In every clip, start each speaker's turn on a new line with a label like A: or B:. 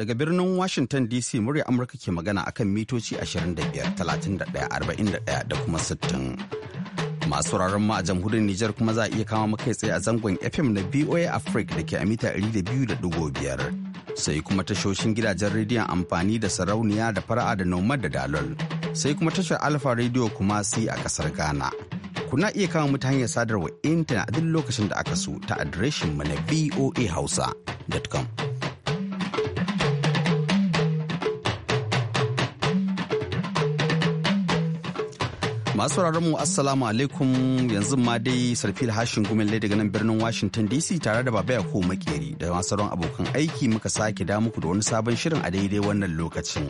A: Daga birnin Washington DC murya Amurka ke magana akan mitoci 25, 31, 41 da kuma 60. Masu wuraren ma a jamhuriyar Nijar kuma za a iya kama makai tsaye a zangon FM na BOA Africa da ke a mita 200.5. Sai kuma tashoshin gidajen rediyon amfani da sarauniya da fara'a da Noma da dalol. Sai kuma tashar Alfa Radio kuma si a kasar Ghana. Kuna iya kama mu ta hanyar sadarwa intanet a duk lokacin da aka so ta adireshin mu na voahausa.com. Masu sauraron mu Assalamu alaikum yanzu ma dai sarfil hashin lai daga nan birnin Washington DC tare da Baba Yakubu Makeri da masu sauran abokan aiki muka sake da muku da wani sabon shirin a daidai wannan lokacin.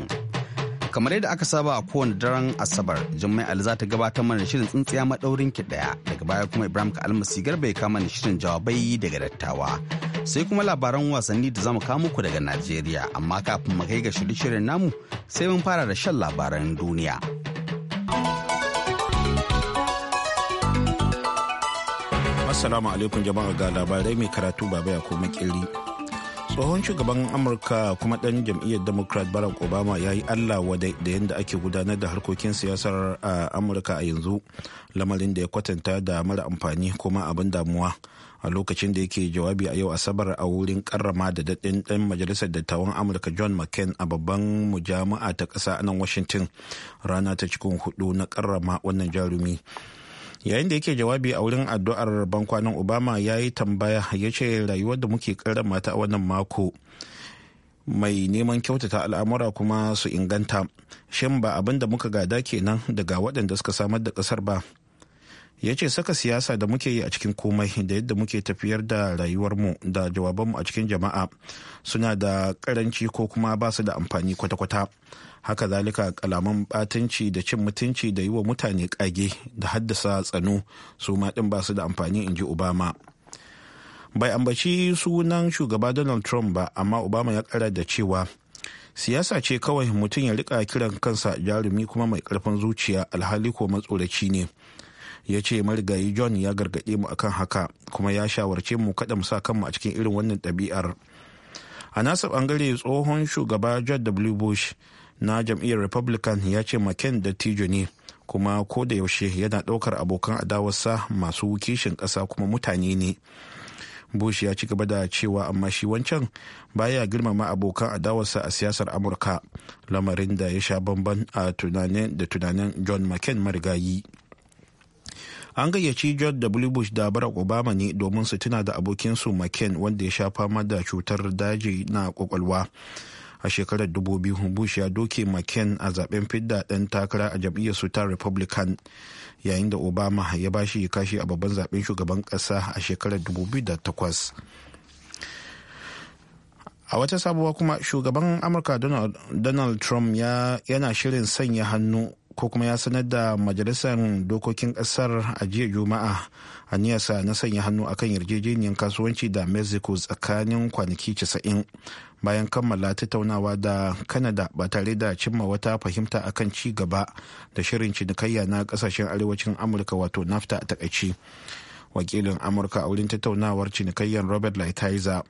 A: Kamar yadda aka saba a kowane daren Asabar, Jummai Ali za ta gabatar mana shirin tsintsiya maɗaurin ki ɗaya, daga baya kuma Ibrahim ka almasi garba ya kama shirin jawabai daga dattawa. Sai kuma labaran wasanni da zamu kawo muku daga Najeriya, amma kafin mu kai ga shirye-shiryen namu sai mun fara da shan labaran duniya.
B: Assalamu alaikum jama'a ga labarai mai karatu baba ya koma kirri. Tsohon shugaban Amurka kuma ɗan jam'iyyar Democrat Barack Obama ya yi Allah wadai da yadda ake gudanar da harkokin siyasar a Amurka a yanzu, lamarin da ya kwatanta da mara amfani kuma abin damuwa. A lokacin da yake jawabi a yau Asabar a wurin karrama da daɗin ɗan majalisar dattawan Amurka John McCain a babban mujami'a ta ƙasa nan Washington rana ta cikin hudu na karrama wannan jarumi. yayin da yake jawabi a wurin addu'ar bankwanan obama ya yi tambaya ya ce rayuwar da muke karan mata a wannan mako mai neman kyautata al'amura kuma su inganta shin ba abin da muka gada kenan daga waɗanda suka samar da ƙasar ba ya ce saka siyasa da muke yi a cikin komai da yadda muke tafiyar da rayuwarmu da jawabanmu a cikin jama'a suna da karanci ko kuma ba su da amfani kwata-kwata haka zalika kalaman batanci da cin mutunci da yi wa mutane kage da haddasa tsano su ma din ba su da amfani in ji obama bai ambaci sunan shugaba donald trump ba amma obama ya kara da cewa siyasa ce kawai mutum ya rika kiran kansa jarumi kuma mai karfin zuciya alhali ko matsoraci ne ya ce marigayi john ya gargaɗe mu akan haka kuma ya shawarce mu kada mu sa kanmu a cikin irin wannan ɗabi'ar a nasa bangare tsohon shugaba george w bush na jam'iyyar republican ya ce mccain dattijo ne kuma ko da yaushe yana ɗaukar abokan adawarsa masu kishin ƙasa kuma mutane ne bush ya ci gaba da cewa amma shi wancan baya girmama abokan adawarsa a siyasar amurka lamarin da ya sha bamban a tunanin da tunanin john mccain marigayi an gayyaci john w bush da barack obama ne domin su tuna da abokinsu mccain wanda ya sha fama da cutar daji na kwakwalwa a shekarar 2000 bush ya doke mccain a zaben fidda ɗan takara a jam'iyyar su republican yayin da obama ya bashi kashi a babban zaben shugaban ƙasa a shekarar 2008 a wata sabuwa kuma shugaban amurka donald, trump yana shirin sanya hannu ko kuma ya sanar da majalisar dokokin kasar a jiya juma'a a niyasa na sanya hannu akan yarjejeniyar kasuwanci da mexico tsakanin kwanaki 90 bayan kammala tattaunawa da kanada ba tare da cimma wata fahimta akan ci gaba da shirin cinikayya na kasashen arewacin amurka wato nafta a takaici wakilin amurka a wurin tattaunawar cinikayyar robert lighthizer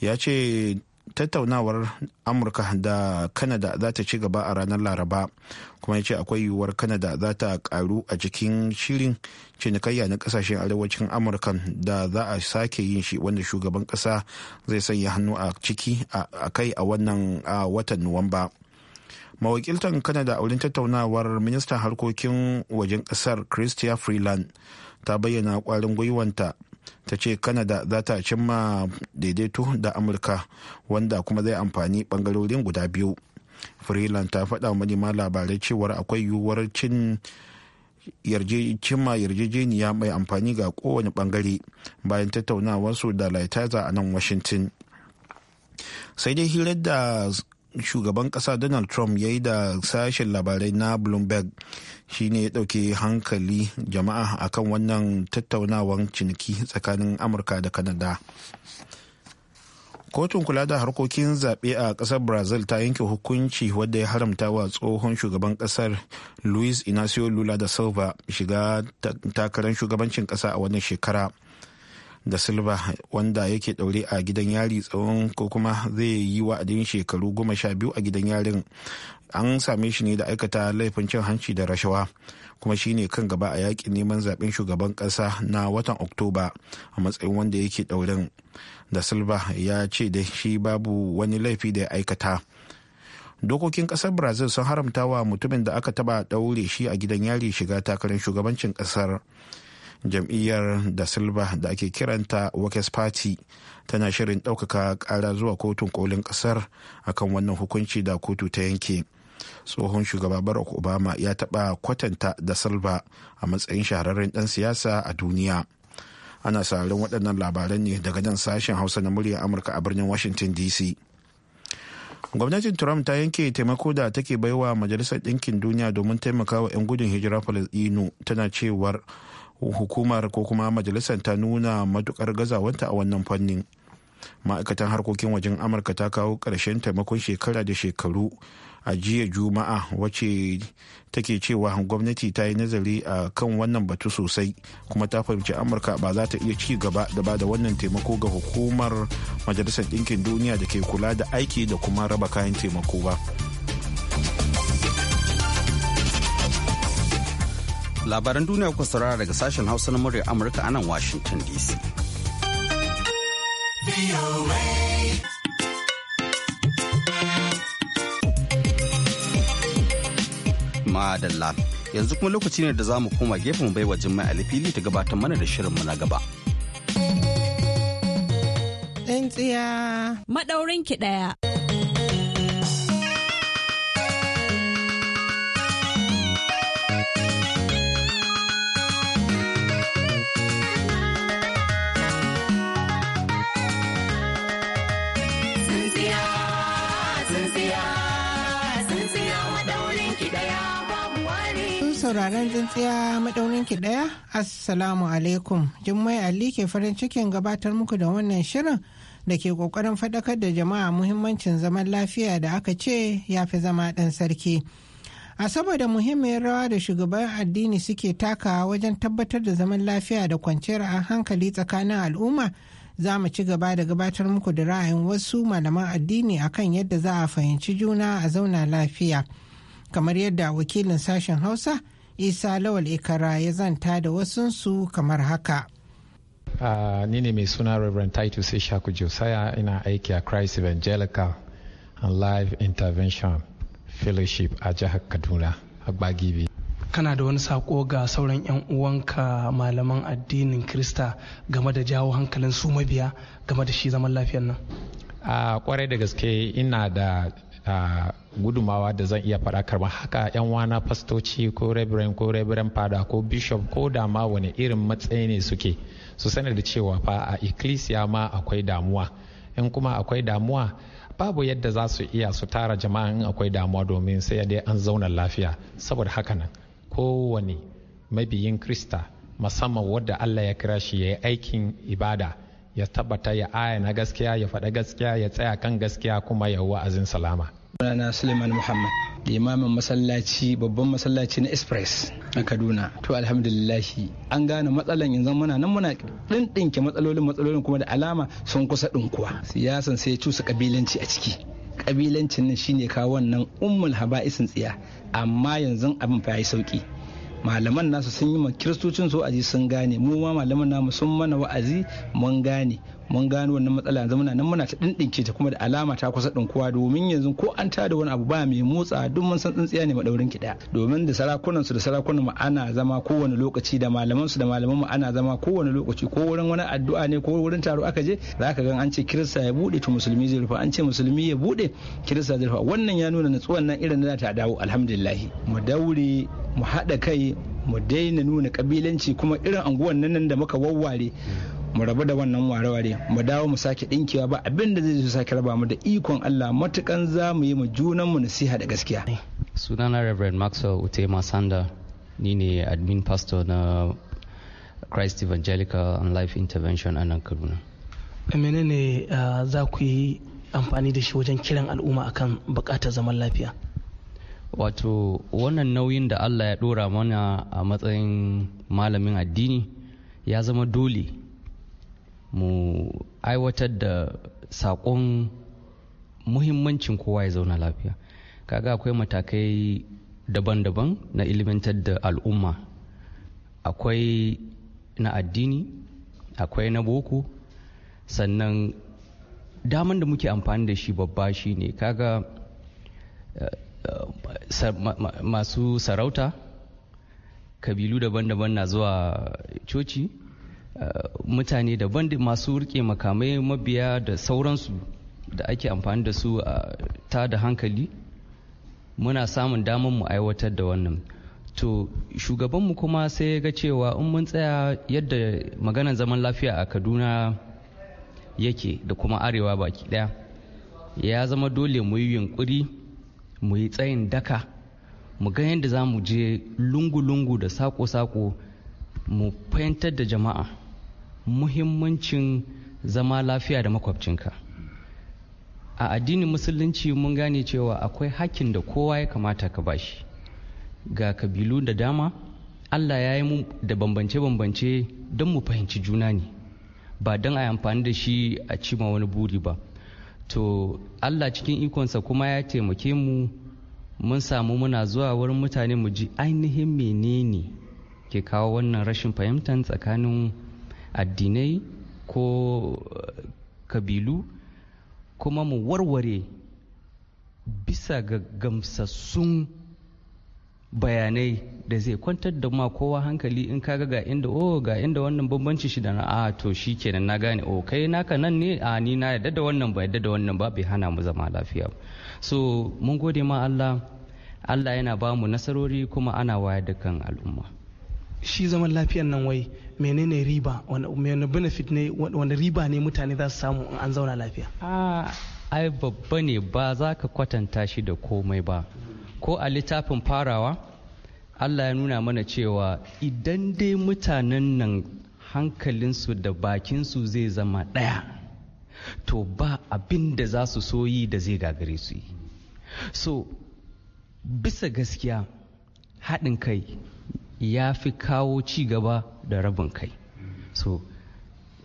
B: ya ce tattaunawar amurka da kanada za ta ci gaba a ranar laraba kuma ya ce akwai yiwuwar kanada za ta karu a cikin shirin cinikayya na kasashen arewacin amurka da za a sake yin shi wanda shugaban kasa zai sanya hannu a ciki a kai a wannan watan nuwamba mawakiltan kanada a wurin tattaunawar ministan harkokin wajen kasar christian freeland ta bayyana kwarin gwiwanta ta ce canada za ta cimma daidaito da amurka wanda kuma zai amfani bangarorin guda biyu freeland ta faɗa manema labarai cewar akwai yiwuwar cin cimma yarjejeniya mai amfani ga kowane bangare bayan tattaunawarsu da laitaza a nan washington sai dai hirar da shugaban kasa donald trump ya yi da sashen labarai na bloomberg ne ya dauke hankali jama'a akan wannan tattaunawan ciniki tsakanin amurka da kanada kotun kula da harkokin zaɓe a ƙasar brazil ta yanke hukunci wadda ya haramta wa tsohon shugaban ƙasar luis inacio lula da silva shiga takarar shugabancin ƙasa a wannan shekara da silva wanda yake daure a gidan yari tsawon ko kuma zai yi wa'adin shekaru goma sha biyu a gidan yarin an same shi ne da aikata laifin cin hanci da rashawa kuma shi ne kan gaba a yakin neman zaben shugaban kasa na watan oktoba a matsayin wanda yake daurin da silva ya ce da shi babu wani laifi da ya aikata dokokin kasar brazil sun haramta wa mutumin da aka taba daure shi a gidan yari shiga takarar shugabancin kasar jam'iyyar da silva da ake kiranta workers party tana shirin ɗaukaka ƙara zuwa kotun kolin ƙasar akan wannan hukunci da kotu ta yanke tsohon shugaba barack obama ya taɓa kwatanta da silva a matsayin shahararren ɗan siyasa a duniya ana sauraron waɗannan labaran ne daga nan sashen hausa na muryar amurka a birnin washington dc gwamnatin trump ta yanke taimako da take baiwa majalisar ɗinkin duniya domin taimakawa 'yan gudun hijira falasɗinu tana cewar hukumar ko kuma majalisar ta nuna matukar gazawanta a wannan fannin ma'aikatan harkokin wajen amurka ta kawo ƙarshen taimakon shekara da shekaru a jiya juma'a wacce take cewa gwamnati ta yi nazari a kan wannan batu sosai kuma ta fahimci amurka ba za ta iya ci gaba da ba da wannan taimako ga hukumar majalisar ɗinkin duniya da ke kula da aiki da kuma raba kayan taimako ba. labaran duniya
A: kuka saurara daga sashen hausa na murya amurka anan washington dc madalla yanzu kuma lokaci ne da za mu koma gefen baiwa jimai alifili ta gabatar mana da shirin mu na gaba
C: ɗan Madaurin ki ɗaya sauraron tsintsiya maɗaurin ki ɗaya assalamu alaikum jummai ali ke farin cikin gabatar muku da wannan shirin da ke ƙoƙarin faɗakar da jama'a muhimmancin zaman lafiya da aka ce ya fi zama ɗan sarki a saboda muhimmiyar rawa da shugaban addini suke takawa wajen tabbatar da zaman lafiya da kwanciyar hankali tsakanin al'umma za mu ci gaba da gabatar muku da ra'ayin wasu malaman addini akan yadda za a fahimci juna a zauna lafiya kamar yadda wakilin sashen hausa isa lawal ikara ya zanta da wasunsu kamar haka
B: Uh, ni ne mai suna Reverend Titus Ishaku Josiah ina aiki a Christ Evangelical and Life Intervention Fellowship a jihar Kaduna a Gbagibi. Kana da wani sako ga sauran 'yan
A: uwanka malaman addinin Krista game da jawo hankalin su mabiya game da shi zaman lafiyar nan?
B: A ah, kwarai da gaske ina da gudumawa da zan iya faɗa karɓar haka yan wana fastoci ko rebren ko rebren fada ko bishop ko da ma wani irin matsayi ne suke su sanar da cewa fa a ecclesia ma akwai damuwa in kuma akwai damuwa babu yadda za su iya su tara jama'a in akwai damuwa domin sai dai an zauna lafiya saboda haka nan kowane mabiyin krista musamman wadda allah ya kira shi ya yi aikin ibada ya tabbata ya ayana gaskiya ya faɗa gaskiya ya tsaya kan gaskiya kuma ya wa'azin salama
D: sunana Suleiman Muhammad. limamin masallaci babban masallaci na express a kaduna to alhamdulillahi an gane matsalan yanzu muna nan muna ɗinke matsalolin matsalolin kuma da alama sun kusa kuwa. siyasan sai ya cusa kabilanci a ciki kabilancin nan shine kawo wannan ummul haba'isin tsiya amma yanzu abin fa yayi sauki malaman nasu sun yi ma kiristocin su aji sun gane mu ma malaman namu sun mana wa'azi mun gane mun gano wannan matsala yanzu muna nan muna ta dindinke ta kuma da alama ta kusa dinkuwa domin yanzu ko an tada wani abu ba mai motsa duk mun san tsintsiya ne madaurin ki daya domin da sarakunan su da sarakunan mu ana zama kowane lokaci da malaman su da malaman mu ana zama kowane lokaci ko wurin wani addu'a ne ko wurin taro aka je zaka ga an ce kirista ya bude to musulmi zai rufa an ce musulmi ya bude kirista zai rufa wannan ya nuna natsuwan nan irin da ta dawo alhamdulillah mu daure mu haɗa kai mu daina nuna kabilanci kuma irin anguwan nan da muka wawware mu rabu da wannan ware-ware mu dawo mu sake dinkewa ba abin da zai zo sake raba mu da ikon Allah matukan za mu yi mu junan mu nasiha da gaskiya
E: sunana Reverend Maxwell Utema Sanda ni ne admin pastor na Christ Evangelical and Life Intervention a nan Kaduna
A: menene uh, za ku yi amfani da shi wajen kiran al'umma akan bukatar zaman lafiya
E: wato wannan nauyin da Allah ya dora mana a matsayin malamin addini ya zama dole mu aiwatar da saƙon muhimmancin kowa ya zauna lafiya kaga akwai matakai daban-daban na ilimantar da al'umma akwai na addini akwai na boko sannan daman da muke amfani da shi babba shi ne kaga eh, eh, masu sarauta kabilu daban-daban na zuwa coci mutane daban da masu rike makamai mabiya da sauransu da ake amfani da su a ta da hankali muna samun damar mu aiwatar da wannan to shugabanmu kuma sai ga cewa in mun tsaya yadda maganan zaman lafiya a kaduna yake da kuma arewa baki daya ya zama dole mu yi yunkuri mu yi tsayin daka mu ga yadda za mu je lungu-lungu da sako-sako mu fahimtar da jama'a muhimmancin zama lafiya da makwabcinka a addinin musulunci mun gane cewa akwai hakkin da kowa ya kamata ka bashi ga kabilu da dama allah ya yi mu da bambance-bambance don mu fahimci juna ne ba don a amfani da shi a cima wani buri ba to allah cikin ikonsa kuma ya taimake mu mun samu muna zuwa wurin mutane mu ji ainihin menene ke kawo wannan rashin fahimtar tsakanin addinai ko eh, kabilu kuma mu warware bisa ga gamsassun bayanai da zai kwantar da ma kowa hankali in ka ga inda oh ga inda wannan bambanci shi da na a ah, to shi kenan na gane oh kai naka nan ne a ah, ni na yadda da wannan ba yadda da wannan ba bai hana mu zama lafiya so mun gode ma Allah Allah yana ba mu nasarori kuma ana wayar da kan al'umma
A: shi zaman lafiyan nan wai menene riba wani benefit ne wani riba ne mutane za su samu in
F: an zauna lafiya
E: ai babba ne ba za ka kwatanta shi da komai ba ko a littafin farawa allah ya nuna mana cewa idan dai mutanen nan hankalinsu da bakinsu zai zama ɗaya to ba abin da za su so da zai gagare su yi so bisa gaskiya haɗin kai ya fi kawo ci gaba da rabin kai so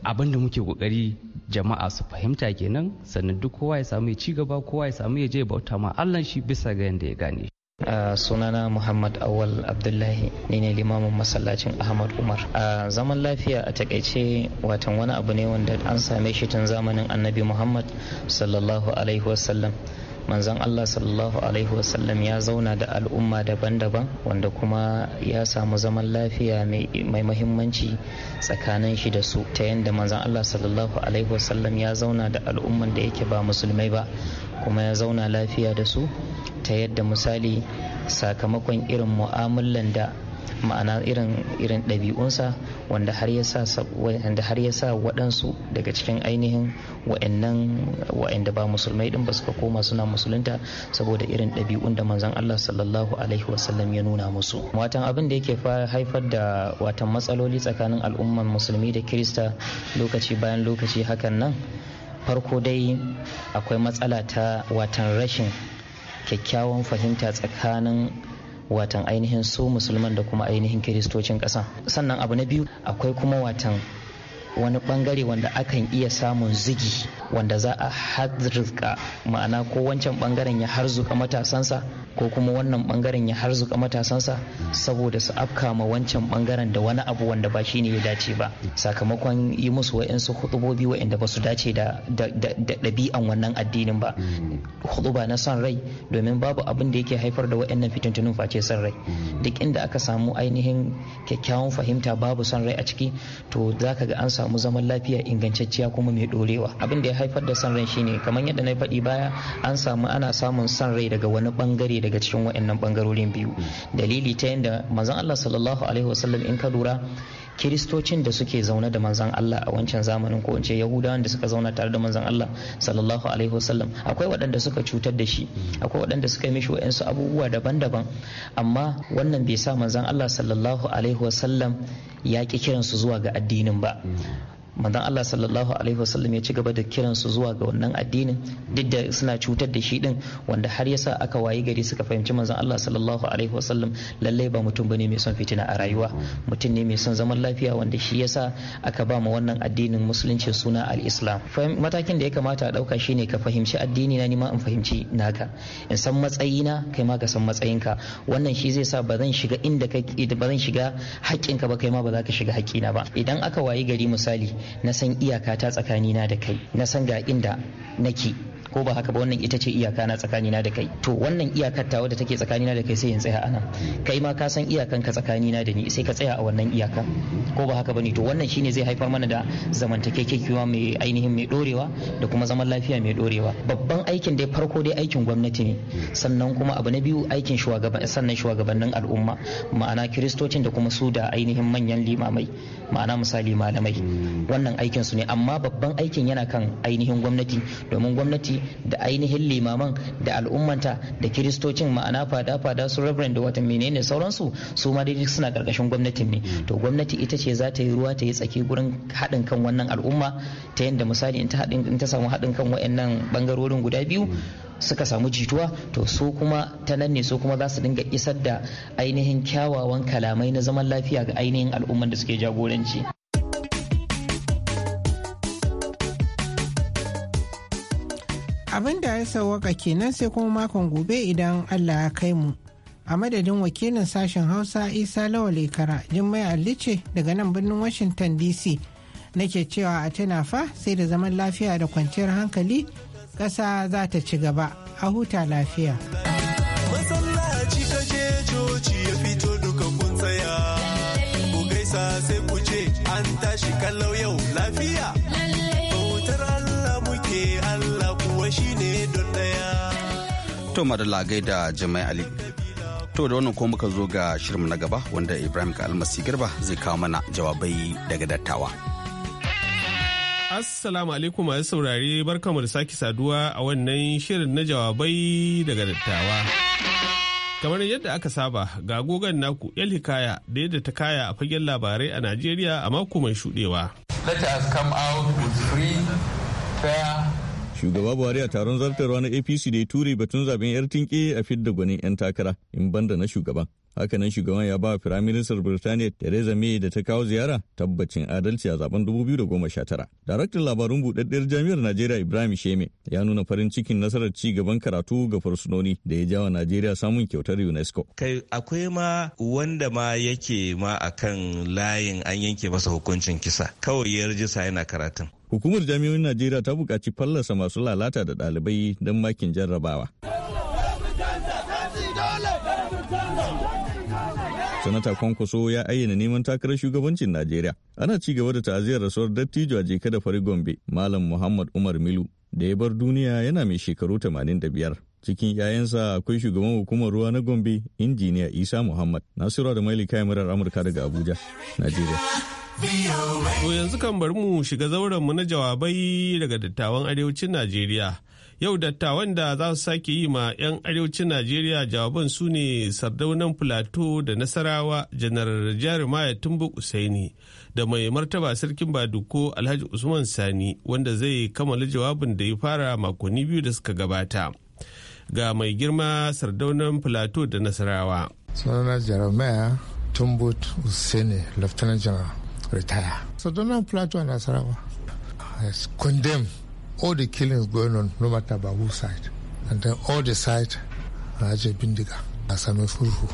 E: abin muke kokari jama'a su fahimta kenan sannan duk kowa ya samu ya ci gaba kowa ya samu ya je bauta ma allah shi bisa ga yadda ya
G: gane Uh, sunana muhammad awal abdullahi ni ne limamin masallacin ahmad umar a zaman lafiya a takaice watan wani abu ne wanda an same shi tun zamanin annabi muhammad sallallahu alaihi wasallam manzon Allah sallallahu alaihi wasallam ya zauna da al'umma daban-daban wanda kuma ya samu zaman lafiya mai mahimmanci tsakanin shi da su ta yadda manzon Allah sallallahu alaihi wasallam ya zauna da al'umman da yake ba musulmai ba kuma ya zauna lafiya da su ta yadda misali sakamakon irin mu'amalan da ma'ana irin irin ɗabi'unsa wanda har ya sa waɗansu daga cikin ainihin wa'annan wa'anda ba musulmai din ba suka koma suna musulunta saboda irin ɗabi'un da manzon Allah sallallahu alaihi wasallam ya nuna musu watan abin da yake haifar da watan matsaloli tsakanin al'umman musulmi da kirista lokaci bayan lokaci hakan nan farko dai akwai matsala ta watan rashin kyakkyawan fahimta tsakanin watan ainihin su musulman da kuma ainihin kiristocin ƙasa sannan abu na biyu akwai kuma watan wani bangare wanda akan iya samun zigi wanda za a harzuka ma'ana ko wancan bangaren ya harzuka matasansa ko kuma wannan bangaren ya harzuka matasansa saboda su afka ma wancan bangaren da wani abu wanda ba shi ne ya dace ba sakamakon yi musu wa'insu hudubobi wa'inda ba su dace da ɗabi'an wannan addinin ba huduba na son rai domin babu abin da yake haifar da wa'annan fitintunin face son rai duk inda aka samu ainihin kyakkyawan fahimta babu son rai a ciki to za ka ga an samu samu zaman lafiya ingantacciya kuma mai ɗorewa abin da ya haifar da san rai shine kamar yadda na faɗi baya an samu ana samun san rai daga wani bangare daga cikin waɗannan bangarorin biyu hmm. dalili ta yadda manzon Allah sallallahu alaihi wasallam in ka lura kiristocin da suke zaune da manzan Allah a wancan zamanin ko ce yahudawan da suka zauna tare da manzan Allah sallallahu alaihi wasallam akwai waɗanda suka cutar da shi akwai waɗanda suka mishi wayansu abubuwa daban-daban amma wannan bai sa manzan Allah sallallahu alaihi wasallam ya ki kiransu zuwa ga addinin ba manzon Allah sallallahu alaihi wasallam ya ci gaba da kiran su zuwa ga wannan addinin duk da suna cutar da shi din wanda har yasa aka wayi gari suka fahimci manzon Allah sallallahu alaihi wasallam lalle ba mutum bane mai son fitina a rayuwa mutum ne mai son zaman lafiya wanda shi yasa aka ba mu wannan addinin musulunci suna al-islam matakin da ya kamata a dauka shine ka fahimci addini na nima in fahimci naka in san matsayina kai ma ka san matsayinka wannan shi zai sa ba zan shiga inda ka ba zan shiga haƙƙinka ba kai ma ba za ka shiga haƙƙina ba idan aka wayi gari misali na san iyaka ta tsakanina da kai na san ga inda nake ko ba haka ba wannan ita ce iyaka na tsakanina da kai to wannan iyakar ta take tsakanina da kai sai in tsaya a nan kai ma ka san iyakan ka tsakanina da ni sai ka tsaya a wannan iyaka ko ba haka bane to wannan shine zai haifar mana da zamantakekewa mai ainihin mai dorewa da kuma zaman lafiya mai dorewa babban aikin dai farko dai aikin gwamnati ne sannan kuma abu na biyu aikin shugaban sannan shugabannin al'umma ma'ana kiristocin da kuma su da ainihin manyan limamai ma'ana misali malamai wannan aikin su ne amma babban aikin yana kan ainihin gwamnati domin gwamnati da ainihin limaman da al'ummanta da kiristocin ma'ana fada fada su reverend da wata menene sauransu su ma dai suna karkashin gwamnatin ne mm. to gwamnati ita ce za ta yi ruwa ta yi tsaki gurin haɗin kan wannan al'umma ta yadda misali in ta samu haɗin kan wayannan bangarorin guda biyu mm. suka samu jituwa to su kuma ta nan ne su kuma za su dinga isar da ainihin kyawawan kalamai na zaman lafiya ga ainihin al'umman da suke jagoranci
C: abin da ya sawaka kenan sai kuma makon gobe idan allah ya kai mu a madadin wakilin sashen hausa isa lawale kara jimmai allice daga nan birnin washington dc nake cewa a tana fa sai da zaman lafiya da kwanciyar hankali ƙasa za ta ci gaba a huta lafiya
H: masallaci kaje coci ya fito gaisa sai ku ce an tashi kallau yau lafiya
A: To madalla da Jamai Ali. To da wannan ko muka zo ga shirin na gaba wanda Ibrahim ka almasi garba zai kawo mana jawabai daga dattawa.
H: Assalamu alaikum masu saurare barkamu da sake saduwa a wannan shirin na jawabai daga dattawa. Kamar yadda aka saba ga gogon naku yal hikaya da yadda ta kaya a fagen labarai a Najeriya a mako mai shudewa.
F: Let us come out with free, fair
I: Shugaba Buhari a taron zartarwa na APC da ya ture batun zaben 'yar tinke a fidda gwanin 'yan takara in banda na shugaban. Hakanan shugaban ya ba Firaministar Birtaniya Theresa May da ta kawo ziyara tabbacin adalci a zaben 2019. Daraktan labarun budaddiyar Jami'ar Najeriya Ibrahim Sheme ya nuna farin cikin nasarar ci gaban karatu ga fursunoni da ya jawa Najeriya samun kyautar UNESCO. Kai akwai ma wanda ma yake ma akan layin an yanke masa hukuncin kisa kawai ya rajista yana karatun. Hukumar jami'o'in Najeriya ta buƙaci fallasa masu lalata da ɗalibai don makin jarrabawa. sanata kwankwaso ya ayyana neman takarar shugabancin najeriya ana ci gaba da ta'aziyar rasuwar dattijo a jeka da fari gombe malam muhammad umar milu da ya bar duniya yana mai shekaru 85 cikin 'ya'yansa akwai shugaban hukumar ruwa na gombe injiniya isa muhammad nasiru da maili kamarar amurka daga abuja najeriya
H: to yanzu kan bari mu shiga zauren mu na jawabai daga dattawan arewacin najeriya yau dattawan da za su sake yi ma 'yan arewacin najeriya jawaban su ne sardaunan filato da nasarawa janar jarumaya tumbu usaini da mai martaba sarkin baduko alhaji usman sani wanda zai kammala jawabin da ya fara makonni biyu da suka gabata ga mai girma sardaunan filato da nasarawa
F: sunana jarumaya tumbu usaini lieutenant general retire sardaunan filato a nasarawa condemn all the killings going on no matter by who side and then all the side na aje bindiga a sami furfu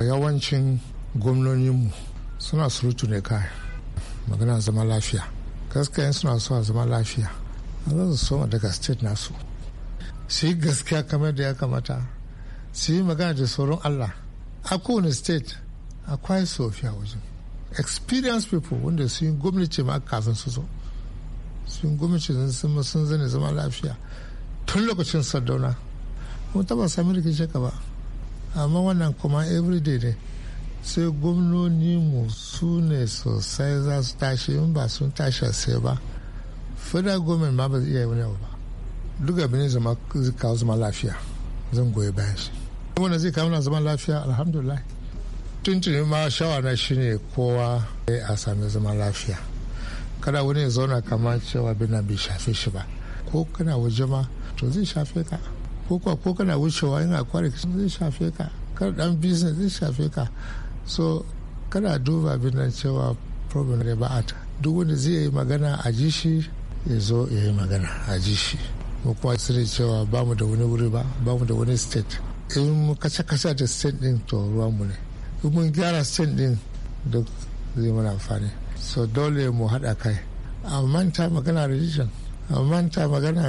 F: yawancin gwamnoninmu suna surutu ne kai magana zama lafiya gaskiya suna so a zama lafiya a zan so daga state nasu su yi gaskiya kamar da ya kamata su yi magana da sauran allah a kowane state akwai sofiya wajen experience people wanda su yi gwamnati ma kafin su zo sun gwamnati sun zane zama lafiya tun lokacin sardauna mun taba sami rikicin ka ba amma wannan kuma everyday ne sai gwamnoni mu su ne sosai za su tashi in ba sun tashi sai ba federal government ma ba zai iya wani abu ba duk abin ne zama kawo zama lafiya zan goyi bayan shi wanda zai kawo zama lafiya alhamdulillah tuntuni ma shawara shine kowa a sami zama lafiya kada wani ya zauna kama cewa bina bai shafe shi ba ko kana waje ma to zai shafe ka ko kuwa ko kana wucewa yana kware zai shafe ka kar dan business zai shafe ka so kana duba binan cewa problem da ba duk wanda zai yi magana a ji shi ya zo ya yi magana a ji shi mu kuma sani cewa ba mu da wani wuri ba ba mu da wani state in mu kace da state din to ruwan mu ne in mun gyara state din duk zai mana amfani so dole mu haɗa kai a manta magana religion a manta magana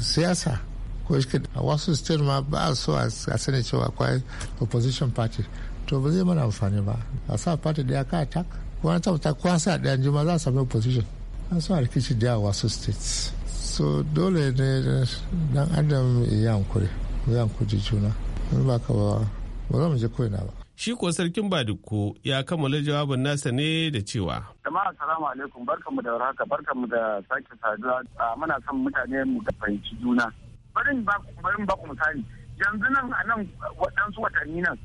F: siyasa ko shi a wasu state ma ba a so a sani cewa akwai opposition party to ba zai mana amfani ba a sa party daya ka attack ko an tabbata ko an sa daya jima za a sami opposition an so a rikici daya a wasu states so dole ne dan adam ya hankuri ya hankuri juna ba ka ba ba za mu je koina ba
H: Shi ko sarkin Badikko ya kammala jawabin nasa ne da cewa.
J: Jama'a salamu alaikum barkanmu da warhaka barkanmu da sake saduwa muna son mutane mu da fahimci juna. Barin ba ku misali yanzu nan a nan waɗansu watanni nan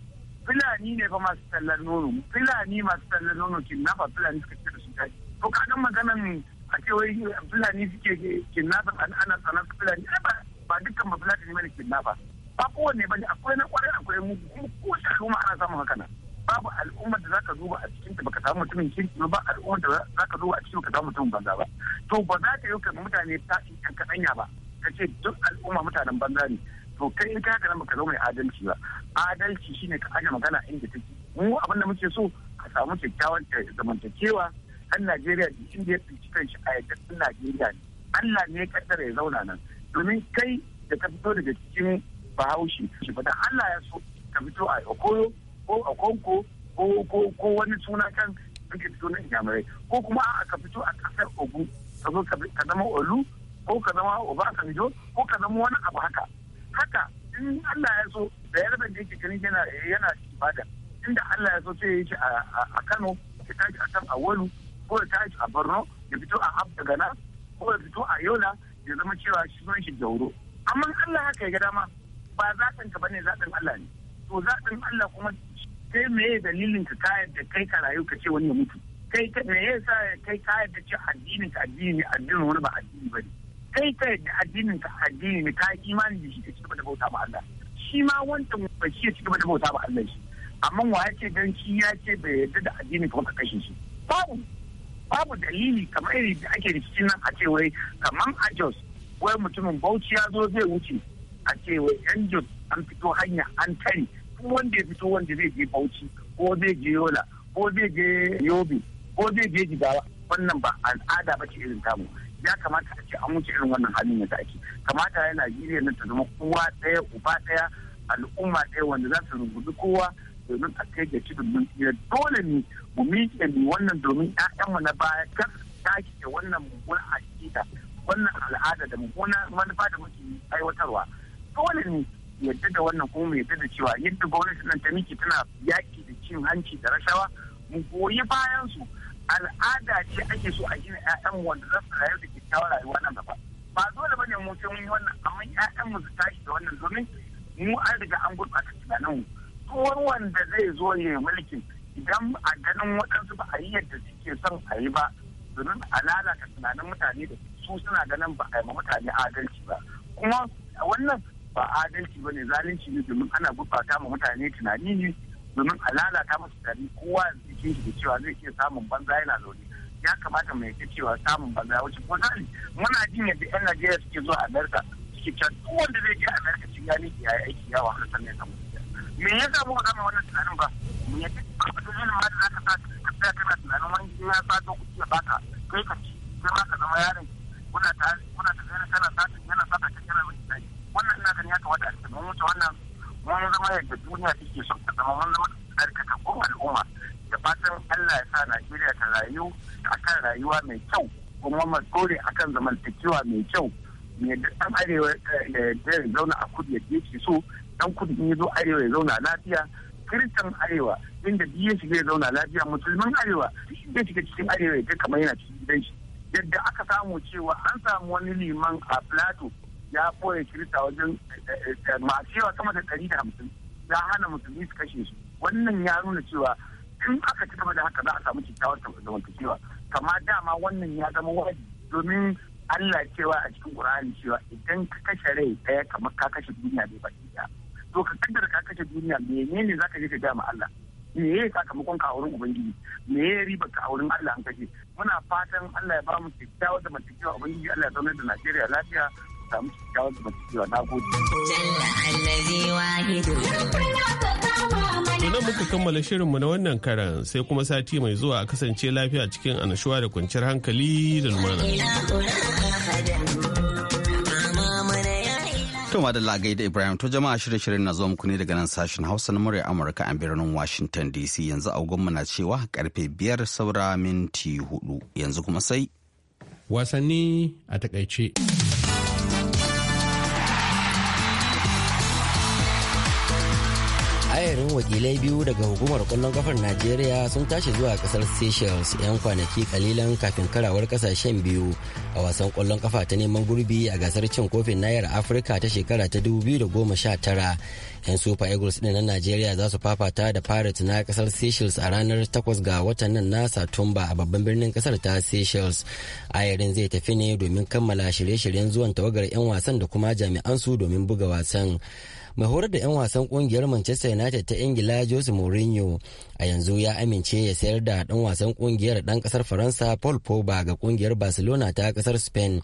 J: Fulani ne fa masu tallar nono Fulani masu tallar nono kinnafa Fulani suka ce da su kai. To kaga maganan a ce wai Fulani suke kinnafa ana tsanar Fulani ba dukkan ba Fulani ne mai kinnafa. ba kowanne ba ne akwai na kwarai akwai mugu kuma al'umma ana samun haka nan babu al'umma da zaka duba a cikin ta baka samu mutumin kirki ba al'umma da zaka duba a cikin ka samu mutumin banza ba to ba za ka yi ka mutane ta yan kaɗanya ba ka ce duk al'umma mutanen banza ne to kai in ka nan zama mai adalci ba adalci shine ka aje magana inda take mu abin da muke so a samu kyakkyawan eh, zamantakewa kan Najeriya da inda ya tsinci kanshi a yadda Najeriya ne Allah ne ya kaddara ya zauna nan domin kai da ka fito daga cikin bahaushe shi ba da Allah ya so ka fito a okoyo ko a konko ko ko wani suna kan kake fito na inyamurai ko kuma a ka fito a kasar ogu ka zo ka zama olu ko ka zama obasanjo ko ka zama wani abu haka haka in Allah ya so da ya rabe da yake gani yana yana ibada inda Allah ya so sai ya yi a Kano ya tashi a kan Awolu ko ya tashi a Borno ya fito a Abdagana ko ya fito a Yola ya zama cewa shi sunan shi Jauro amma Allah haka ya ga dama ba zaɓin ka bane zaɓin Allah ne to zaɓin Allah kuma kai meye dalilin ka kayar da kai ka rayu ka ce wani ya mutu kai me sa kai kayar da ce addinin ka addini ne addinin wani ba addini ba ne kai ka yadda addinin ka addini ne ka imani da shi ka ci gaba da bauta ma Allah shi ma wancan ba shi ya ci gaba da bauta ma Allah shi amma wa ya ce dan shi ya ce bai yadda da addinin ka ka kashe shi babu babu dalili kamar irin da ake rikicin nan a ce wai kamar a Jos wai mutumin Bauchi ya zo zai wuce a ce wai yan jun an fito hanya an tare kuma wanda ya fito wanda zai je bauchi ko zai je yola ko zai je yobe ko zai je jigawa wannan ba al'ada ba ce irin tamu ya kamata a ce an wuce irin wannan halin da ake kamata ya najeriya na ta zama kowa ɗaya uba ɗaya al'umma ɗaya wanda za su rubutu kowa domin a kai ga cikin mun dole ne mu miƙe ne wannan domin ƴaƴanmu na baya kar ke wannan mummunan aƙida wannan al'ada da mummuna manufa da muke aiwatarwa dole ne yadda da wannan kuma mu yadda da cewa yadda gwamnati nan ta miki tana yaki da cin hanci da rashawa mu goyi bayan su al'ada ce ake so a gina ƴaƴan mu wanda za su rayu da kyakkyawar rayuwa nan gaba ba dole bane mu sai mun yi wannan amma ƴaƴan mu su tashi da wannan domin mu an riga an gurɓata tunanin mu tuwar wanda zai zo ya mulkin idan a ganin waɗansu ba a yi yadda suke son a yi ba domin a lalata tunanin mutane da su suna ganin ba a yi ma mutane adalci ba kuma wannan ba adalci ba ne zalunci ne domin ana gurɓata ma mutane tunani ne domin a lalata masu tunani kowa ya cikin kinki da cewa zai iya samun banza yana zaune ya kamata mai ta cewa samun banza wuce ko zali muna jin yadda yan najeriya suke zuwa amerika suke can duk wanda zai je amerika cin gani ya yi aiki yawa har sannan ya samu me ya sa muka kama wannan tunanin ba mu yadda ba ta ma da za ka sa ka tana tunanin wani ya sa ta kuɗi ya baka kai ka ci sai ma ka zama yaron kuna ta kuna ta na sa ta kana sa ta kana mai wannan ina ganin ya kamata a cikin mun wuce wannan mun zama yadda duniya take son ta zama mun zama tsarkaka ko al'umma da fatan Allah ya sa Najeriya ta rayu akan rayuwa mai kyau kuma mu kore akan zamantakewa mai kyau ne da ɗan arewa da eh, zauna a kudu yadda yake so ɗan kudu in ya zo arewa ya zauna lafiya kiristan arewa inda duk ya shiga ya zauna lafiya musulman arewa ya shiga cikin arewa ya kamar yana cikin gidan shi yadda aka samu cewa an samu wani liman a plateau ya ɓoye kirista wajen eh, eh, masu yawa sama da ɗari da hamsin ya hana musulmi su kashe su wannan ya nuna cewa tun aka ci gaba da haka za a samu kyakkyawar zamantakewa kama dama wannan ya zama wajibi domin Allah cewa a cikin Qur'ani cewa idan ka kashe rai ɗaya kamar ka kashe duniya bai baki ɗaya to ka kaddara ka kashe duniya menene zaka je ka ga ma Allah me ya sakamakon ka a wurin ubangiji me ya riba ka a wurin Allah an kashe muna fatan Allah ya ba mu kyakkyawar zamantakewa ubangiji Allah ya zama da Najeriya lafiya samu na gode.
H: muka kammala shirinmu na wannan karan sai kuma sati mai zuwa a kasance lafiya cikin annashuwa da kwanciyar hankali da lumana.
A: da lagai da Ibrahim to jama'a shirye-shiryen na zuwa muku ne daga nan sashen Hausa na murya Amurka a birnin Washington DC yanzu agonmu na cewa karfe biyar saura minti hudu yanzu kuma sai.
C: Wasanni a takaice.
K: ayarin wakilai biyu daga hukumar kwallon kafar najeriya sun tashi zuwa kasar seychelles 'yan kwanaki kalilan kafin karawar kasashen biyu a wasan kwallon kafa ta neman gurbi a gasar cin kofin nayar afirka ta shekara ta 2019 'yan super eagles din na najeriya za su fafata da pirates na kasar seychelles a ranar 8 ga watan nan na satumba a babban birnin kasar ta seychelles ayarin zai tafi ne domin kammala shirye-shiryen zuwan tawagar 'yan wasan da kuma jami'an su domin buga wasan mai horar da 'yan wasan kungiyar manchester united ta ingila jose mourinho a yanzu ya amince ya sayar da dan wasan kungiyar dan kasar faransa paul poba ga kungiyar barcelona ta kasar spain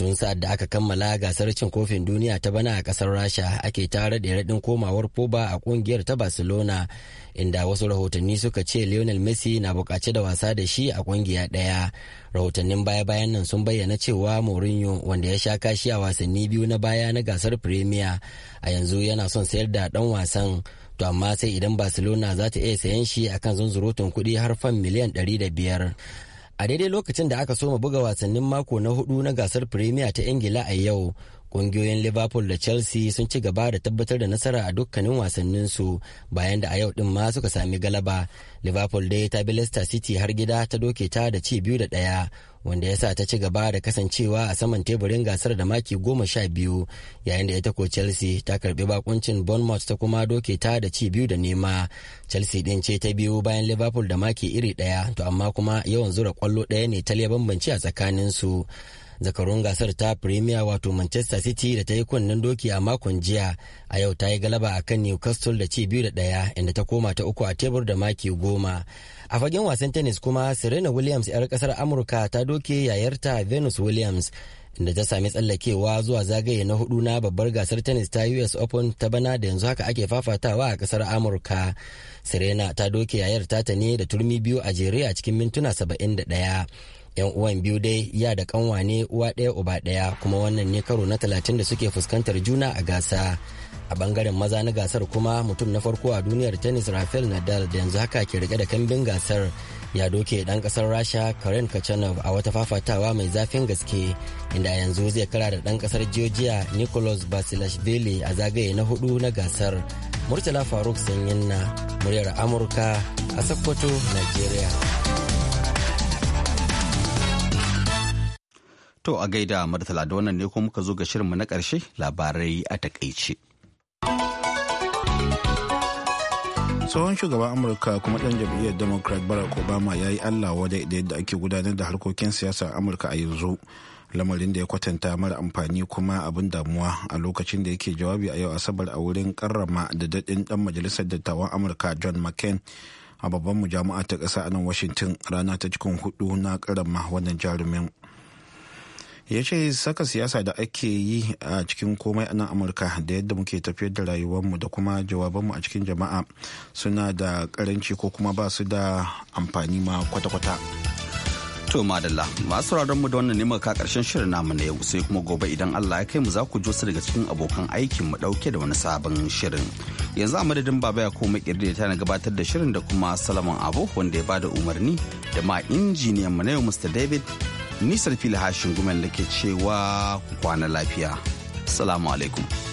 K: tun sa'ad da aka kammala gasar cin kofin duniya ta bana a kasar rasha ake tare da yaradin komawar poba a kungiyar ta barcelona inda wasu rahotanni suka ce lionel messi na bukaci da wasa da shi a kungiya daya. rahotannin baya-bayan nan sun bayyana cewa mourinho wanda ya sha kashi a wasanni biyu na baya na gasar premier a yanzu yana son sayar da dan wasan to amma sai idan barcelona za ta iya sayan shi akan zunzurutun kuɗi har fan miliyan 500 a daidai lokacin da aka soma buga wasannin mako na hudu na gasar premier ta ingila a yau Ƙungiyoyin Liverpool da Chelsea sun ci gaba da tabbatar da nasara a dukkanin wasanninsu bayan da a yau din ma suka sami galaba. Liverpool dai ta bi Leicester City har gida ta doke ta da ci biyu da ɗaya. wanda ya sa ta ci gaba da kasancewa a saman teburin gasar da maki goma sha biyu yayin da ita ko chelsea ta karbi bakuncin bournemouth ta kuma doke ta da ci biyu da nema chelsea din ce ta biyu bayan liverpool da maki iri daya to amma kuma yawan zura kwallo daya ne ta bambanci a tsakaninsu zakarun gasar ta premier wato manchester city da ta yi kunnen doki a makon jiya a yau ta yi galaba a kan newcastle da ci biyu da daya inda ta koma ta uku a tebur da maki goma a fagen wasan tennis kuma serena williams 'yar kasar amurka ta doke yayarta venus williams inda ta sami tsallakewa zuwa zagaye na hudu na babbar gasar tennis ta us open ta bana da yanzu haka ake fafatawa a kasar amurka serena ta doke yayar tata ne da turmi biyu a jere a cikin mintuna da 71 'yan uwan biyu dai ya da kanwa ne uwa ɗaya uba ɗaya kuma wannan ne karo na talatin da suke fuskantar juna a gasa a bangaren maza na gasar kuma mutum na farko a duniyar tennis rafael nadal da yanzu haka ke rike da kambin gasar ya doke dan kasar rasha karen kachanov a wata fafatawa mai zafin gaske inda yanzu zai kara da dan kasar georgia nicholas basilashvili a zagaye na hudu na gasar murtala faruk sanyin na muryar amurka a sokoto nigeria
A: To a gaida Murtala da wannan ne kuma muka zo ga shirinmu na ƙarshe labarai a takaice.
B: tsohon shugaban amurka kuma ɗan jam'iyyar democrat barack obama ya yi allah wadai da yadda ake gudanar da harkokin siyasa amurka a yanzu lamarin da ya kwatanta mara amfani kuma abin damuwa a lokacin da yake jawabi a yau asabar a wurin karrama da daɗin ɗan majalisar dattawan amurka john mccain a babban mujamu'a ta ƙasa a nan washington rana ta cikin hudu na karrama wannan jarumin ya ce saka siyasa da ake yi a cikin komai a nan amurka da yadda muke tafiyar da rayuwarmu da kuma jawabanmu a cikin jama'a suna da karanci ko kuma ba su da amfani ma kwata-kwata
A: to madalla masu mu da wannan neman ka karshen shirin namu na yau sai kuma gobe idan allah ya kai mu za ku su daga cikin abokan aikin mu dauke da wani sabon shirin yanzu a madadin baba ya koma kirdi ta na gabatar da shirin da kuma salaman abu wanda ya bada umarni da ma injiniyan mu na yau mr david nisan fili hashin gumen da ke cewa kwana lafiya. Salamu alaikum.